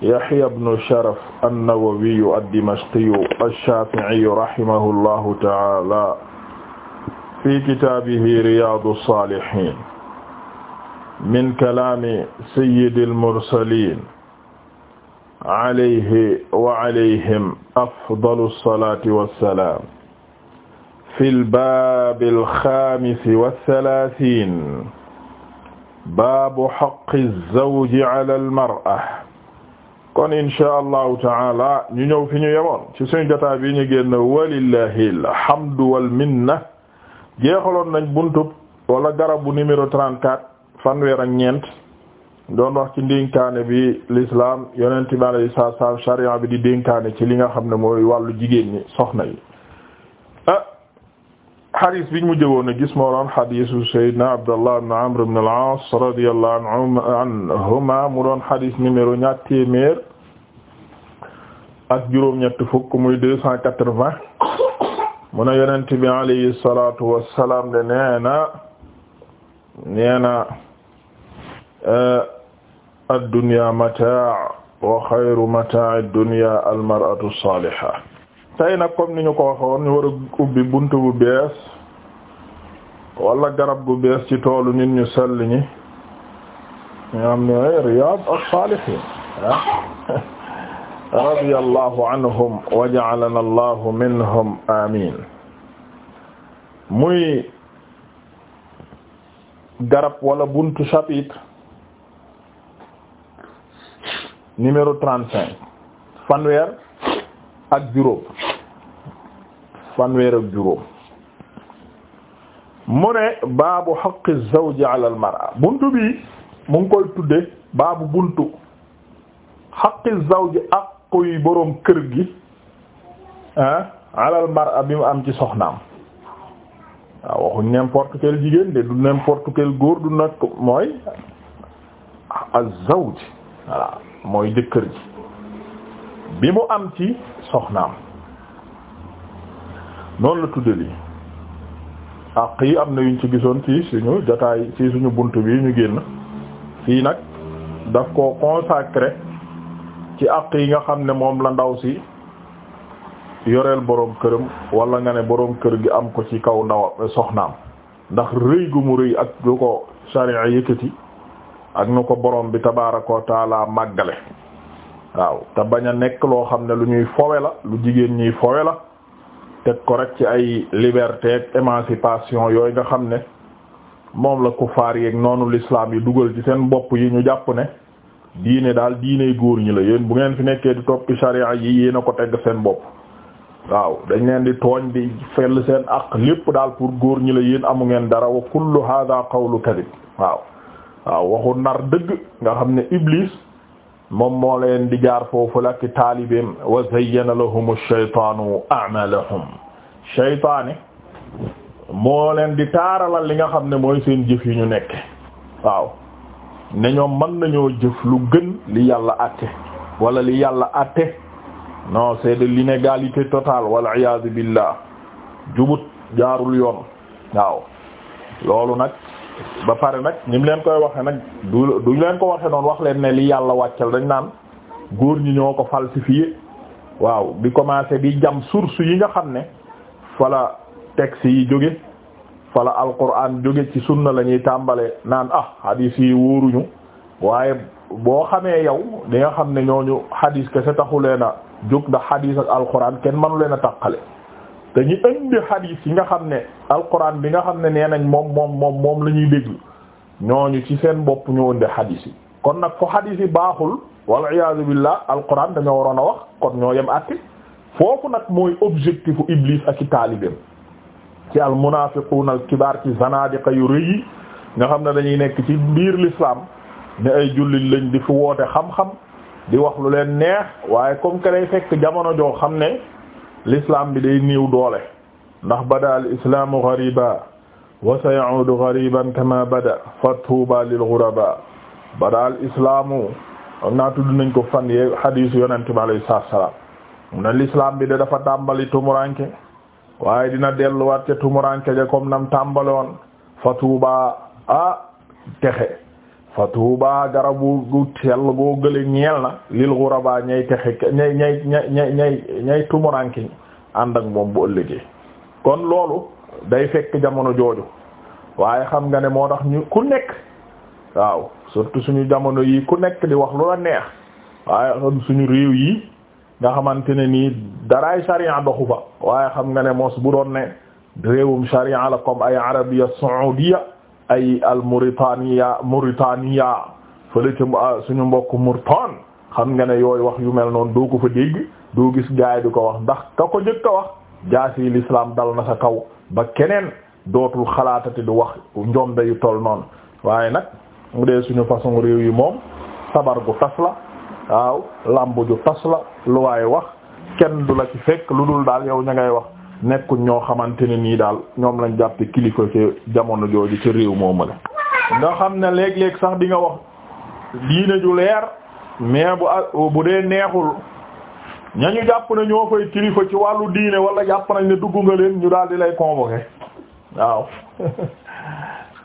Yahya ibn Sharaf an-Nawawi ad-Dimashqi ash-Shafi'i rahimahullahu ta'ala fi kitaabihi Riyadu s-Salihin min kalaami sayyidil mursaliin alayhi wa alayhim afdalu s-salaati wa s-salaam fil baabil xaamisi wa s-salaasiin baabu haqqi z-zawji alal mar'a kon insha allahu taala ñu ñëw fi ñu yemoon ci suñu jotaa bi ñu génn walillahi alhamdu wal minna jeexaloon nañ buntub wala garabu numéro 34 fanweer ak ñeent doon wax ci ndénkaane bi lislaam yonent bi alayhi salaatu salaam sharia bi di dénkaane ci li nga xam ne mooy wàllu jigéen ñi soxna yi xadis biñ mujj woon a gis moo doon xadisu Seydina Abdallah ibn Amr ibn al-As radiyallahu anhuma mu doon xadis numéro ñaar téeméer ak juróom-ñett fukk muy deux cent quatre-vingt mu ne yonent bi alayhi salaatu wassalaam de nee na nee na ad-dunya mataa wa xayru mataa ad-dunya al-mar'atu as-salihah tey nag kom ni ñu ko waxoon ñu war a ubbi bunt bu bees walla garab gu bees ci toolu nit ñu sell ñi ñu am ne Riyad as-Salihin radiyallahu anhum wa ja'alana allahu minhum amin muy garab wala bunt chapitre numéro trente-cinq fanweer ak juróom fanweer ak juróom mu ne baabu haqqi zawji ala mar'a buntu bi mu ngi koy tudde baabu buntu haqqi zawji aquy boroom kër gi ah ala al mar'a bi mu am ci soxnaam waaw waxuñ n'importe quel jigéen de du n'importe quel góor du nag mooy az-zawj voilà mooy jëkkër ji bi mu am ci soxnaam noonu la tudde lii àq yi am na yuñ ci gisoon ci suñu jotaay ci suñu bunt bii ñu génn fii nag daf koo consacré ci àq yi nga xam ne moom la ndaw si yoreel boroom këram walla nga ne boroom kër gi am ko ci kaw ndaw soxnaam ndax rëy gu mu rëy ak lu ko sharia yëkkati ak nu ko boroom bi tabaaraka wa taala màggale waaw te bañ a nekk loo xam ne lu ñuy fowe la lu jigéen ñiy fowe la teg ko rek ci ay liberté ak émancipation yooyu nga xam ne moom la kufaar yeeg noonu l'islam yi dugal ci seen bopp yi ñu jàpp ne diine daal diine góor ñi la yéen bu ngeen fi nekkee di topp charia yi yéen a ko tegg seen bopp waaw dañ leen di tooñ di fell seen aq lépp daal pour góor ñi la yéen amu ngeen dara wa kullu hadha qawlu kadhib waaw waaw waxu nar dëgg nga xam ne iblis moom moo leen di jaar foofu la ki taalibeem wa zayyana lahum ash-shaytaanu a'maalahum shaytaani moo leen di taaralal li nga xam ne mooy seen jëf yi ñu nekk waaw ne ñoom mën nañoo jëf lu gën li yàlla àtte wala li yàlla àtte non c'est de l'inégalité totale wal iyaadu billah jubut jaarul yoon waaw loolu nag ba pare nag ni leen koy waxee nag du duñ leen ko waxe noonu wax leen ne li yàlla wàccal dañ naan góor ñi ñoo ko falsifié waaw di commencé di jam source yi nga xam ne fala texte yi jóge fala alquran jóge ci sunna la ñuy tàmbalee naan ah hadis yi wóoruñu waaye boo xamee yow di nga xam ne ñooñu hadis kese taxu leen a jóg ndax hadis ak alquran kenn mënu leen a taqale te ñu indi hadith yi nga xam ne alquran bi nga xam ne nee nañ moom moom moom moom la ñuy déglu ñooñu ci seen bopp ñu indi hadith yi kon nag ko hadith baaxul wal iyaazu billah alquran dañoo waroon a wax kon ñoo yem àtte foofu nag mooy objectifu iblis ak i taalibeem ci al munafiqun al kibaar ci zanadiqa yu rëy nga xam ne dañuy nekk ci biir l'islam ne ay jullit lañ di fi woote xam-xam di wax lu leen neex waaye comme que fekk jamono joo xam ne l'islam bi day néew doole ndax bada al islaamu ghariba wa sayaudu ghariban kama bada fa tuuba lil ghuraba bada al islaamu naa nañ ko fan ye hadis yonente bi salaam mu l'islam bi de dafa tàmbali tumuranke waaye dina delluwaat ca tumuranke ja comme nam tàmbaloon fa tuuba ah texe fa baa garabu gu sell goo gële ñeel na lil ghuraba ñay texe ñay ñay ñay ñay ànd ak moom bu ëllëgee kon loolu day fekk jamono jooju waaye xam nga ne moo tax ñu ku nekk waaw surtout suñu jamono yii ku nekk di wax lu la neex waaye xam suñu réew yi nga xamante ne nii daraay sharia doxu fa waaye xam nga ne mos bu doon ne réewum sharia la comme ay arabia saoudia ay al Mauritania Mauritania fële ca ah, suñu mbokk Mourtaan xam nga ne yooyu wax yu mel noonu doo ko fa dégg doo gis gaay du ko wax ndax ka ko njëkk a wax jaasi l'islam dal na sa kaw ba keneen dootul xalaatati di wax njoom yu toll noonu waaye nag mu dee suñu façon réew yi moom sabar gu tas la waaw lamb ju tas la lu waaye wax kenn du la ci fekk lu dul daal yow ña ngay wax nekkuñ ñoo xamante ne nii daal ñoom lañ jàppe kilifa ci jamono jooju ci réew moomu la nga xam ne léeg-léeg sax di nga wax diine ju leer mais bu bu dee neexul ñu jàpp na ñoo fay kilifa ci wàllu diine wala jàpp nañ ne dugg nga leen ñu daal lay convoquer waaw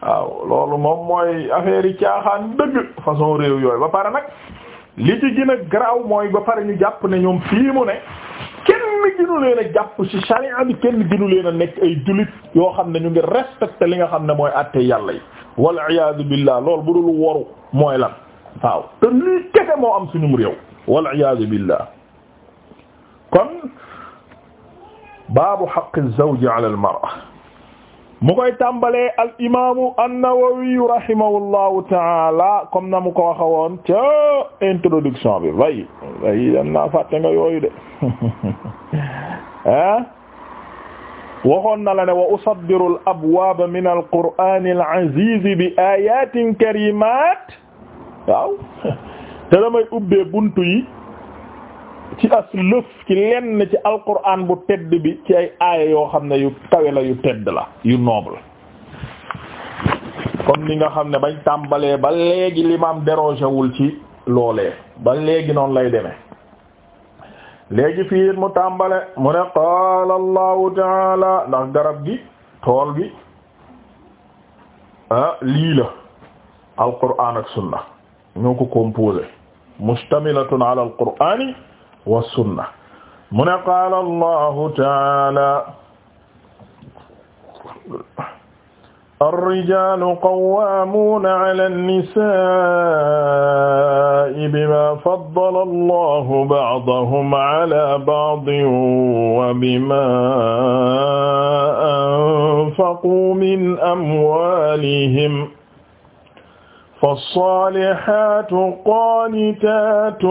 waaw loolu moom mooy affaire yi caaxaan dëgg façon réew yooyu ba pare nag li ci gën a garaaw mooy ba pare ñu jàpp ne ñoom fii mu ne kenn kenn ginu leen a jàpp ci sharia bi kenn ginu leen a nekk ay jullit yoo xam ne ñu ngi respecté li nga xam ne mooy àtte yàlla yi wal iyaadu billah loolu bu dul woru mooy la waaw te lii kese moo am suñum réew wal iyaadu billah kon baabu haqqi zawji ala al mar'a mu koy tàmbalee al imaamu an-Nawawi rahimahullahu taala comme na mu ko waxa woon ca introduction bi way way dem naa fàtte nga yooyu de ah waxoon na la ne wa al abwaaba min al qur'aan al aziz bi ayatin karimat te damay ubbee buntu yi ci aslëf ci lenn ci alquran bu tedd bi ci ay aaya yoo xam ne yu kawe la yu tedd la yu noble comme ni nga xam ne bañ tàmbalee ba léegi l'imam dérogé ci loolee ba léegi noonu lay deme léegi fii mu tàmbale mu ne qaala allahu taala ndax garab gi tool bi ah lii la alquran ak sunna ñoo ko composé mustamilatun ala alqurani wa sunna mu ne qaala allahu taala الرجال قوامون على النساء بما فضل الله بعضهم على بعض وبما أنفقوا من أموالهم فالصالحات قانتات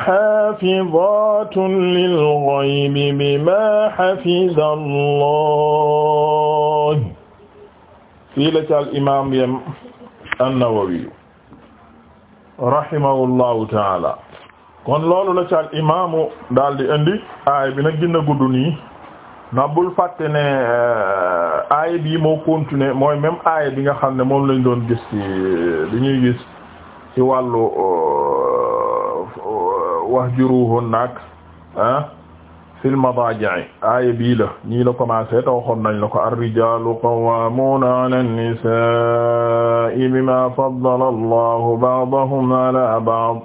حافظات للغيب بما حفظ الله fii la ca al-imaam yem an-Nawawi rahimahullahu ta'ala kon loolu la ca al-imaam daal di indi aay bi nag dina gudd nii na bul fàtte ne euh, aaya bi moo continuer mooy même aaya bi nga xam ne moom lañ doon gis ci bi ñuy gis ci wàllu euh, wahjuruhun nak ah fil madaaji'i aaya bii la ñii la commencé te waxoon nañ la ko ar-rijaalu qawwaamuuna 'ala an-nisaa'i bimaa faddala allahu ba'dahum 'alaa ba'd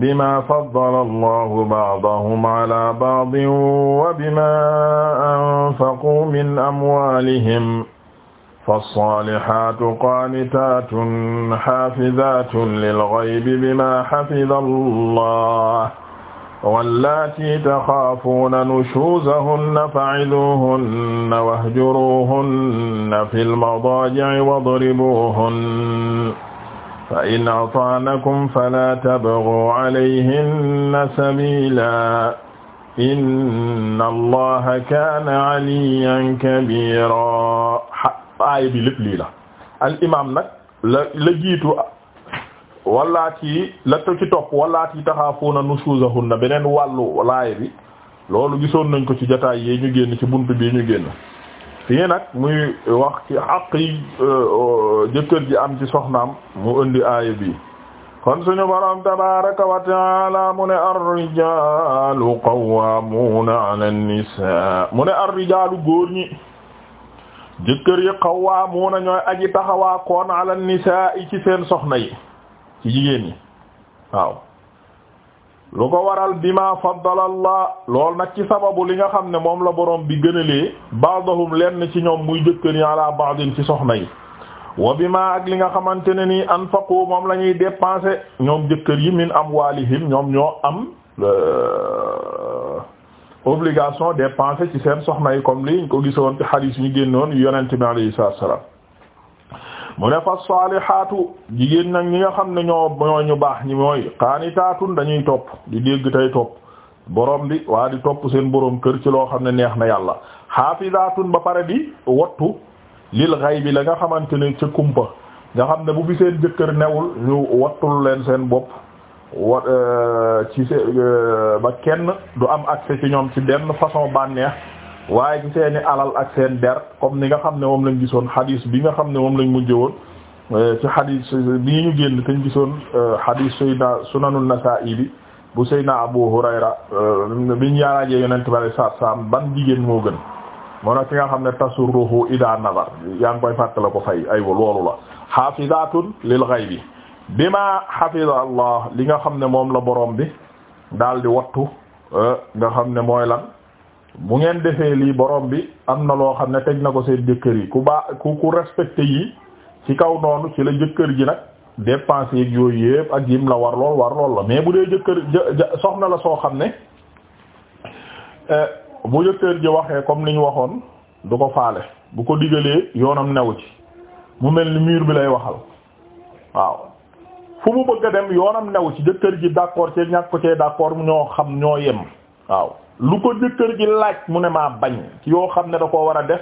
bima faddala allahu baadahum ala baadin wa bima anfaqu min amwalihim fassalihatu qaanitatun xaafidatun lilgaybi bima xafida allah wallati taxaafuuna nushuzahunna fa'iduhunna wahjuruhunna fil madaaji'i wadribuhunna fa in ata'nakum fala tabghu alayhinna sabila inna allaha kaana aliyan kabira aaya bi lépp lii la al imam nag la la jiitu walaati la to ci topp walaati taxaafuuna nushuzahunna beneen wàllu laaya bi loolu gisoon nañ ko ci jotaay yi ñu génn ci buntu bii ñu génn fii nag muy wax ci àq yi euh, euh, jëkkër ji am ci soxnaam mu indi aaya bi kon suñu borom tabaraka wa taala mu ne ar-rijaalu qawwaamuuna ala nisaa mu ne ar-rijaalu góor ñi jëkkër yi qawwaamuuna ñooy aji taxawaa koon ala an-nisaa ci seen soxna yi ci jigéen ñi lu ko waral bima faddala allah lool nag ci sababu li nga xam ne moom la borom bi gënalee ba'dahum lenn ci ñoom muy jëkkër yi ala ba'din ci soxna yi wa bima ak li nga xamante ne nii anfaqu moom lañuy ñuy ñoom jëkkër yi min amwalihim ñoom ñoo am euh, obligation dépenser ci seen soxna yi comme li ñu ko gisoon ci hadith ñu génnoon yonent bi alayhi salaatu wa salaam mu ne fa xaatu jigéen nag ñi nga xam ne ñoo ñu baax ñi mooy qaanitaatun dañuy topp di dégg tey topp borom bi waa di topp seen boroom kër ci loo xam ne neex na yàlla haafizaatun ba pare di wattu lil ghaybi la nga xamante ne ca kumpa nga xam ne bu fi seen jëkkër newul ñu wattul leen seen bopp wa euh, ci euh, ba kenn du am accès ci ñoom ci benn façon bànneex waaye ci seeni alal ak seen der comme ni nga xam ne moom lañ gisoon xadiis bi nga xam ne moom lañ mujj woon eh, ci xadiis bi ñu génn te ñu gisoon eh, xadiis Seydina Sunanun Nasaa'i bi bu Seydina Abu Hurayra eh, bi ñu yaaraajee yonent bari saat saam ban jigéen moo gën moo nag ki nga xam ne tasurruhu ida nazar yaa ngi koy fàttala ko fay aywa loolu la xaafizaatun lil ghaybi bi ma Allah li nga xam ne moom la boroom bi daal di wattu nga xam ne mooy lan bu ngeen defee lii borom bi am na loo xam ne teg na ko seen jëkkër yi ku baa ku ku respecté yi ci kaw noonu ci la jëkkër ji nag dépense yeeg yooyu yëpp ak yim la war lool war lool la mais bu dee jëkkër soxna la soo xam ne euh, bu jëkkër ji waxee comme ni ñu waxoon du ko faale bu ko digalee yoonam new ci mu mel ni miir bi lay waxal waaw fu mu bëgg a dem yoonam new ci jëkkër ji d'accord ci ñàkk ko cee d'accord ñoo xam ñoo yem waaw lu ko jëkkër ji laaj mu ne maa bañ yoo xam ne da koo war a def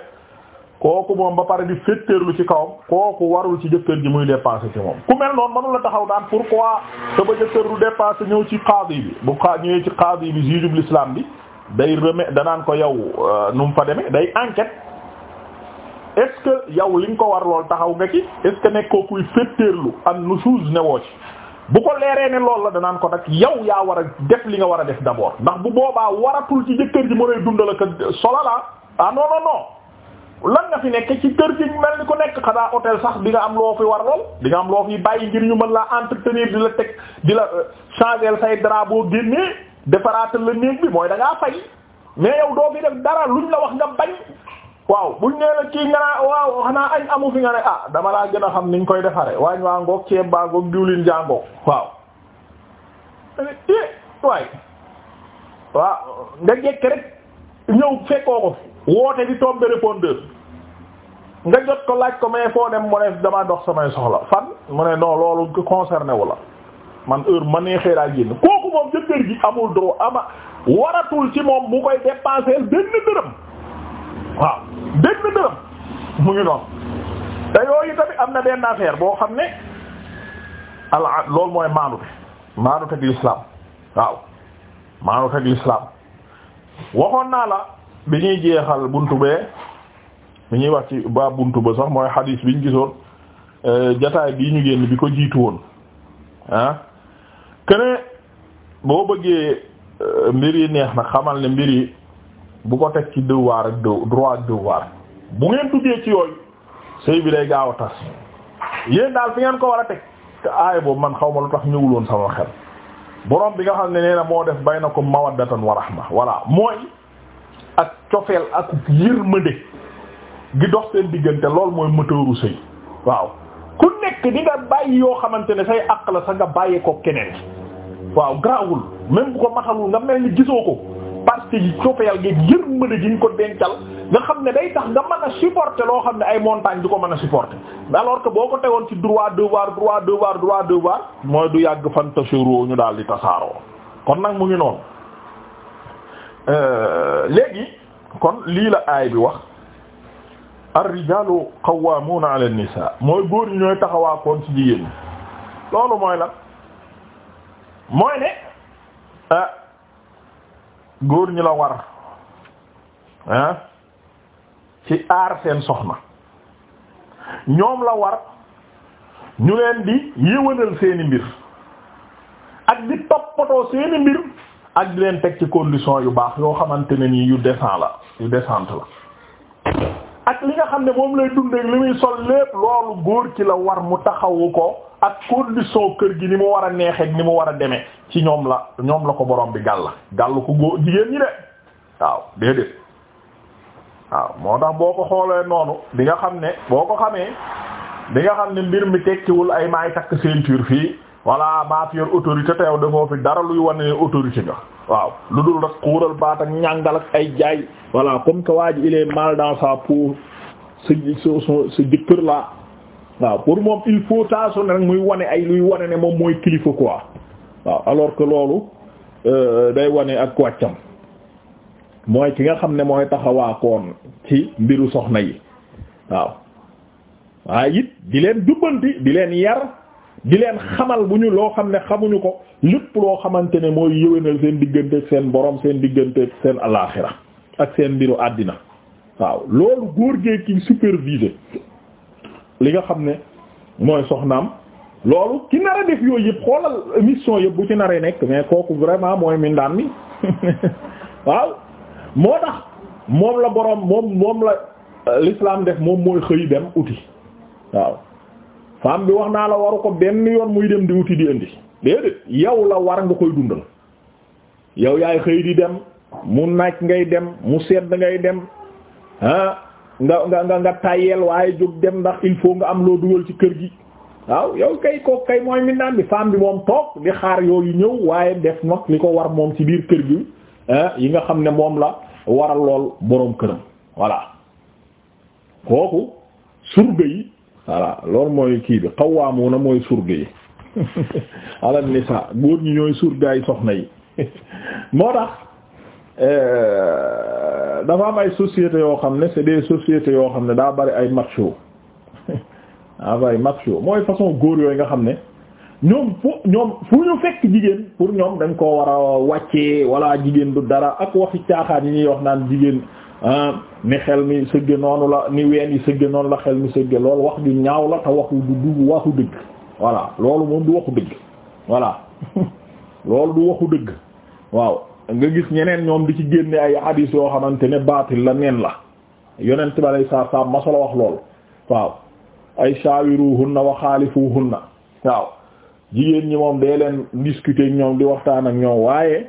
kooku moom ba pare di lu ci kawam kooku warul ci jëkkër ji muy dépenser ci moom ku mel noonu mënu taxaw daan pourquoi sama jëkkër lu dépenser ñëw ci qaadi bi bu xa ñëwee ci qaadi bi juge bu l'islam bi day remet danaan ko yow euh, nu mu fa demee day enquête est-ce que yow li nga ko war lool taxaw nga ci est-ce que nekkoo kuy féttéerlu am nusuuz newoo ci bu ko leeree ne loolu la danaan ko nag yow yaa war a def li nga war a def d'abord ndax bu boobaa waratul ci jëkkër ji mën a dundal ak solo la ah non non non lan nga fi nekk ci kër gi mel ni ko nekk xanaa hôtel sax bi nga am loo fi war lool di nga am loo fi bàyyi ngir ñu mën laa entretenir di la teg di la euh, changer say drap boo génnee defaraatal la néeg bi mooy da ngaa fay mais yow doo fi def dara luñ la wax nga bañ. waaw buñ nee la kii nga naa waaw xanaa añ amu fi nga ne ah dama laa gën a xam niñ koy defare waañ waa ngoog ceeb baa ngoog diwlin jaa ngoog waaw eh, waaw nga jekk rek ñëw fekkoo ko woote di tomber répondeur nga jot ko laaj ko mais foo dem mu ne dama dox samay soxla fan mu ne non loolu ko wu la man heure ma neexee laa génn kooku moom jëkkër gi amul droit ama waratul ci moom mu koy dépenser benn dërëm waaw benn dërëm mu ngi noonu te yooyu tamit am na benn affaire boo xam ne ala loolu mooy maanute maanute ak l'islam waaw maanute ak l'islam waxoon naa la bi ñuy jeexal buntu bee bi ñuy wax ci ba bunt ba sax mooy hadith bi ñu gisoon euh, jataay bii ñu génn bi ko jiitu woon ah kene boo bëggee euh, mbir yi neex nag xamal ne mbir yi bu ko teg ci devoir ak droit bu ngeen duggee ci yooyu sëy bi day gaaw a tas yéen daal fi ngeen ko war a teg te aaya boobu man xaw ma lu tax ñëwuloon sama xel borom bi nga xam ne nee na moo def na ko baynakum mawaddatan wa rahma voilà mooy ak cofeel ak yërmande gi dox seen diggante lool mooy mëtëru sëy waaw ku nekk di bàyyi yoo xamante ne say àq la sa nga bàyyi ko keneen waaw garaawul même bu ko matalul nga mel ni gisoo ko. parce que cofeel gi yërmande gi ñu ko dencal nga xam ne day tax nga mën a supporter loo xam ne ay montagne du ko mën a supporter alors que boo ko tegoon ci droit devoir droit devoir droit devoir mooy du yàgg fan tasharoo ñu daal di tasaaroo kon nag mu ngi noonu euh, léegi kon lii la aay bi wax ar-rijaalu qawwaamuuna ala an-nisaa mooy góor ñi ñooy taxawaakoon ci jigéen ñi loolu mooy lan mooy ne euh, góor ñi la war ah ci aar seen soxna ñoom la war ñu leen di yéwénal seeni mbir ak di toppatoo seeni mbir ak di leen teg ci condition yu baax yoo xamante ne nii yu décent la yu desant la ak li nga xam ne moom lay dundee li muy sol lépp loolu góor ci la war mu taxawu ko ak condition kër gi ni mu war a neexee ni mu war a demee ci ñoom la ñoom la ko boroom bi gàll gàll ko góor jigéen ñi de waaw déedéet waaw moo tax boo ko xoolee noonu di nga xam ne boo ko xamee di nga xam ne mbir mi tekkiwul ay maay takk ceinture fii voilà maa fi yor autorité te yow dafoo fi dara luy wane autorité nga waaw lu dul rek xuural baat ak ay jaay voilà comme que waa ji il est mal dans sa peau sa sa jëkkër la waaw pour moom il faut saa su muy wane ay luy wane ne moom mooy kilifa quoi waaw alors que loolu euh, day wane ak wàccam mooy ki nga xam ne mooy taxawaakoon ci mbiru soxna yi waaw waaye it di leen jubbanti di leen yar di leen xamal bu ñu loo xam ne xamuñu ko lépp loo xamante ne mooy yëwénal seen diggante ak seen borom seen diggante ak seen alaaxira ak seen mbiru àddina waaw loolu góor gee ki supervisé li nga xam ne mooy soxnaam loolu ki nar a def yooyu yëpp xoolal émission yëpp bu ci naree nekk mais kooku vraiment mooy mindaan mi waaw moo tax moom la boroom moom la euh, l'islam def moom mooy xëy dem uti waaw femme bi wax naa la waru ko benn yoon muy dem di uti di indi déedéet yow la war nga koy dundal yow yaay xëy di dem mu naaj ngay dem mu sedd ngay dem ah nga nga nga nga waaye jóg dem ndax il faut nga am loo dugal ci kër gi waaw yow kay ko kay mooy min bi femme bi moom toog di xaar yooyu ñëw waaye def nag li ko war moom ci biir kër gi yi nga xam ne moom la waral lool boroom këram voilà kooku surga yi voilà loolu mooy kii bi xawwaamuuna mooy surga yi ala nisa góor ñi ñooy surgaay soxna yi moo tax Euh, dafa am ay sociétés yoo xam ne c'est des sociétés yoo xam ne daa bari ay macho daa bari macho mooy façon góor yooyu nga xam ne ñoom fu ñoom fu ñu fekk jigéen pour ñoom dañ koo war a wàccee walla jigéen du dara ak waxi caaxaan yi ñuy wax naan jigéen ah, ni xel mi sëgge noonu la ni ween yi sëgge noonu la xel mi sëgge loolu wax ju ñaaw la te waxu du du waxu dëgg voilà loolu moom du waxu dëgg voilà loolu du waxu dëgg waaw nga gis ñeneen ñoom di ci génne ay hadith yoo xamante ne baatil la neen la yonent bi alay saa saa masula wax lool waaw ay shaawiruhunna wa xaalifuhunna waaw jigéen ñi moom dee leen discuter ñoom di waxtaan ak ñoom waaye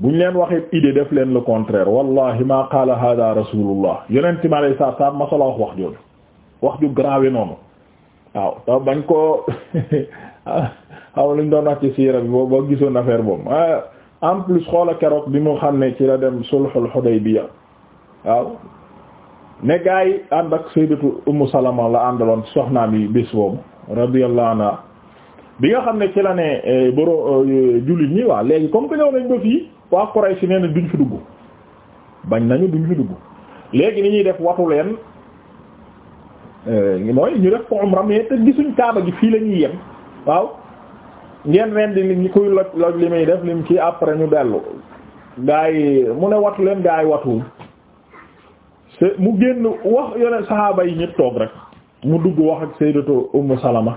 buñ leen waxee idée def leen le contraire wallahi ma qaala hada rasulullah yonent bi alay saa saa masula wax wax jooju wax ju grave noonu waaw taw bañ ko xaw luñ doon wax ci siira bi boo boo gisoon affaire boobu ah. en plus xoola keroog bi mu xam ne ci la dem sulhul Hudaybiya waaw ne gaa yi ànd ak sayyidatu Ummu Salama la àndaloon soxnaam bi bés boobu radiyallahu anha bi nga xam ne ci la ne eh, boro eh, jullit ñi waa léegi comme que ñëw nañ ba fii waa Quraysh nee na duñ fi dugg bañ nañu duñ fi dugg léegi ni ñuy def watu leen eh, mooy ñu def ko umra mais te gisuñ kaaba gi fii lañuy ñuy yem waaw ngeen rendi li ñi kuy loj li muy def lim kii après ñu dellu gaa mu ne watu leen gaa yi mu génn wax yoneen saxaaba yi ñëpp toog rek mu dugg wax ak sayyidatu Ummu Salama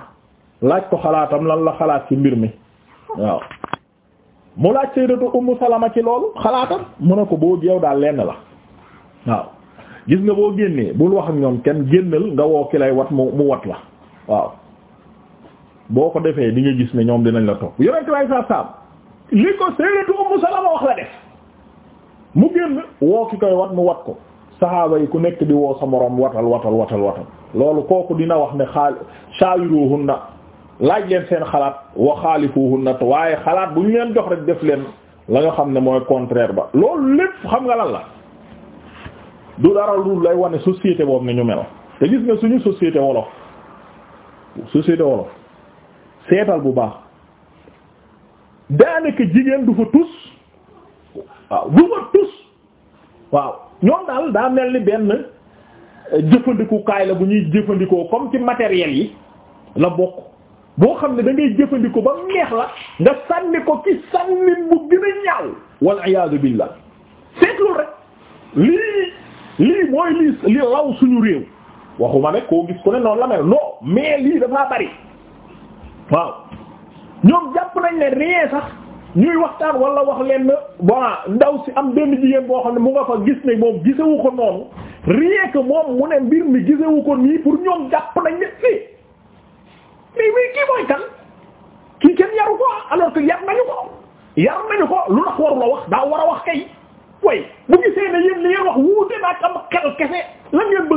laaj ko xalaatam lan la xalaat ci mbir mi waaw mu laaj sayyidatu Ummu Salama ci loolu xalaatam mu ne ko boo yow daal lenn la waaw gis nga boo génnee bul wax ak ñoom kenn génnal nga woo ki lay wat mu mu wat la waaw boo ko defee di nga gis ne ñoom dinañ la toog yonent way sa saam li ko sayyidatu Ummu Salama wax la def mu génn woo ki koy wat mu wat ko saxaaba yi ku nekk di woo sa moroom watal watal watal watal loolu kooku dina wax ne xaal shaawiruhunna laaj leen seen xalaat wa xaalifuhunna waaye xalaat bu ñu leen jox rek def leen la nga xam ne mooy contraire ba loolu lépp xam nga lan la du dara lu lay wane société boobu ne ñu mel te gis nga suñu société wolof société wolof seetal bu baax daanaka jigéen du fa tus waaw du fa tus waaw ñoom daal daa mel ni benn euh, jëfandikukaay la bu ñuy jëfandikoo comme ci matériel yi la bokk boo xam ne dangay ngay jëfandikoo ba neex la nga sànni ko ci sànni bu gën a ñaaw wal iyaadu billah seetlu rek lii lii mooy lii law suñu réew waxuma ne koo gis ku ne noonu la mel non mais lii dafaa bari waaw ñoom jàpp nañ ne rien sax ñuy waxtaan wala wax leen voilà ndaw si am benn jigéen boo xam ne mu nga fa gis ne moom gisewu ko noonu rien que moom mu ne mbir mi gisewu ko nii pour ñoom jàpp nañ ne fii mais mais kii mooy kan kii kenn yaru ko ah, alors que yar nañu ko yar nañu ko lu tax waru wax daa war a wax kay way bu gisee ne yéen li ngeen wax wuute naa am kese lan ngeen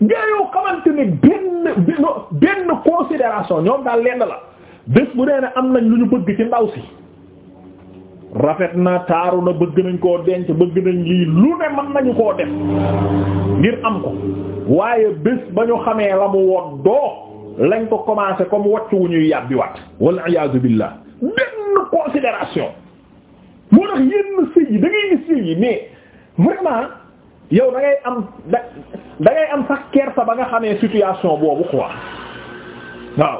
yoo xamante ni benn benn considération ñoom daal lenn la bés bu dee ne am nañ lu ñu bëgg ci ndaw si rafet na taaru na bëgg nañ koo denc bëgg nañ lii lu ne mën nañu koo def ngir am ko waaye bés ba ñu xamee la mu woon doo lañ ko commencé comme wàcc wu ñuy yàbbi waat wal iyaazu billah benn considération moo tax yenn sëy yi da ngay gis yi mais vraiment yow da am da am sax kersa ba nga xamee situation boobu quoi waaw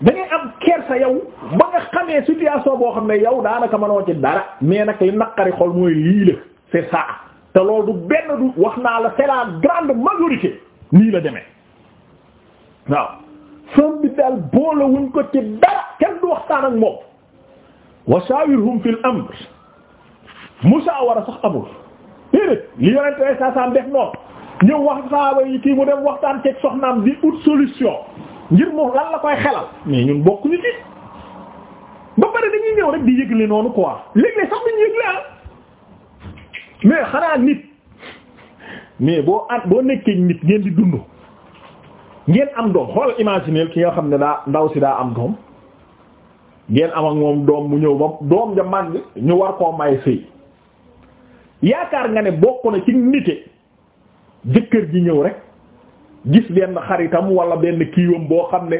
da am kersa yow ba nga xamee situation boo xam ne yow daanaka mënoo ci dara mais nag li naqari xol mooy lii la c'est ça te loolu du benn du wax naa la c'est la grande majorité nii la deme waaw femme bi daal boole wuñ ko ci dara kenn du waxtaan ak moom wa shawirhum fil amr musaawara sax amul déedéet li yonent ay saa saam def noonu ñëw wax saaba yi kii mu dem waxtaan ceeg soxnaam di ut solution ngir moom lan la koy xelal mais ñun bokkuñu ci ba pare dañuy ñëw rek di yëgle noonu quoi léeg-léeg sax duñu yëgle ah mais xanaa nit mais boo at boo nekkee nit ngeen di dund ngeen am doom xool imaginer ki nga xam ne daa ndaw si daa am doom ngeen am ak moom doom mu ñëw ba doom ja màgg ñu war koo may sëy yaakaar nga ne bokk na ci nite jëkkër ji ñëw rek gis benn xaritam walla benn kiiwam boo xam ne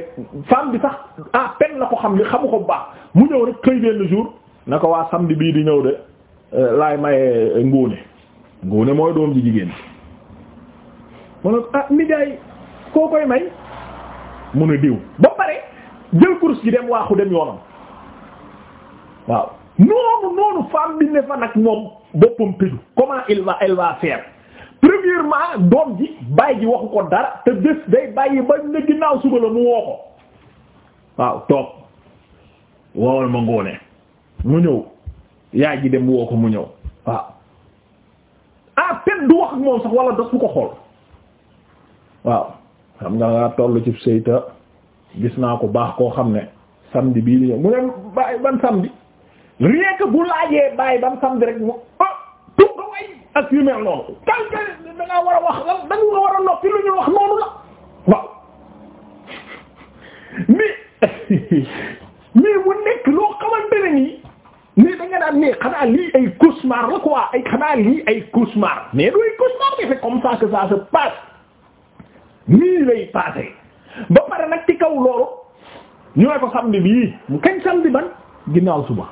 femme bi sax à peine la ko xam ne xamu ko bu baax mu ñëw rek xëy benn jour na ko waa samedi bii di ñëw de euh, laay maye ngóone euh, ngóone mooy doom ji jigéen mu ne ah nijaay koo koy may mu ne diw ba pare jël course gi dem waaxu dem yoonam waaw noonu noonu femme bi ne fa nag moom boppam tëju comment il va elle va faire premièrement doom ji bàyyi ji waxu ko dara te bés day bàyyi ba ne ginnaaw suba la mu woo ko waaw toog woowal ma ngoone mu ñëw yaay ji dem woo ko mu ñëw waaw ah peut du wax ak moom sax wala dos ko xool waaw xam nga ngaa toll ci seyta gis naa ko baax koo xam ne samedi bii li ñëw mu ne bàyyi ban samedi rien bu laajee bàyyi ban samedi rek mu ah way ak yu mel noonu ngaa war a lu ñu wax noonu la waaw mais mais nekk loo xamante ne nii mais da nga daan mais lii ay cauchemar la quoi ay xanaa lii ay cauchemar mais du ay cauchemar mais c'est comme ça que ça se passe nii lay passer ba pare nag ci kaw loolu ñu ne ko samedi bii mu kañ samedi ban ginnaaw suba.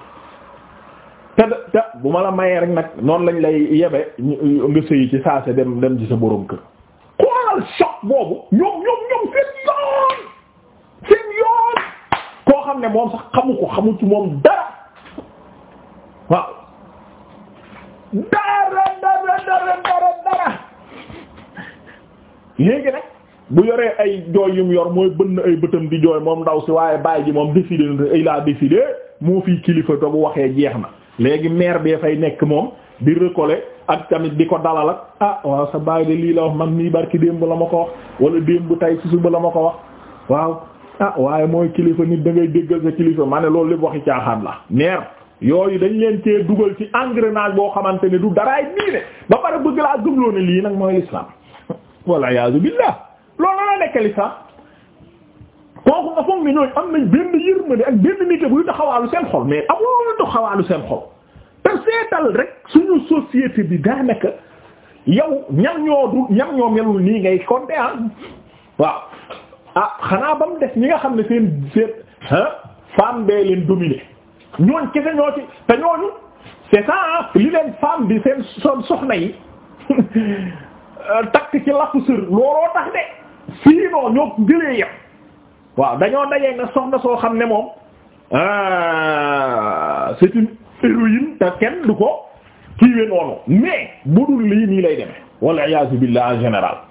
te bu ma la mayee rek nag noonu lañ lay yebe nga sëyi ci saase dem dem ci sa borom kër xoolal choc boobu ñoom ñoom ñoom yoon koo xam ne moom sax xamu ko xamu ci moom dara waaw dara dara dara dara dara léegi nag bu yoree ay jooy yum yor mooy bënn ay bëtam di jooy moom ndaw si waaye baay ji moom décidé na il a décidé moo fi kilifa to bu waxee jeex na léegi maire bee fay nekk moom di recoller ak tamit di ko dalal ak ah waaw sa baay de lii la wax man mii barki démb la ma ko wax wala démb tay ci suba la ma ko wax waaw ah waaye mooy kilifa nit dangay ngay déggal sa kilifa maa ne loolu lépp waxi caaxaan la maire yooyu dañ leen cee dugal ci engrenage boo xamante ne du daraay diine ba pare bëgg laa gëmloo ne lii nag mooy l'islam wala yaazu billah loolu la nekk l'islam kooku nga foog ne ñooy am nañ benn yërmande ak benn nit buy taxawaalu seen xol mais amul lu taxawaalu seen xol te seetal rek suñu société bi daanaka yow ñam ñoo du ñam ñoo melul nii ngay compter ah waaw ah xanaa ba mu def ñi nga xam ne seen seen ah femme bee leen dominé ñooñ kese ñoo ci te ñooñu c'est ça ah li leen femme bi seen soxna yi takk ci lafu sër looloo tax de sinon ñoo gëlee yem. waaw dañoo dajee nag soxna soo xam ne moom ah, c'est une héroïne te kenn du ko kiiwe noonu mais budul lay demee wal iyaazu billah en général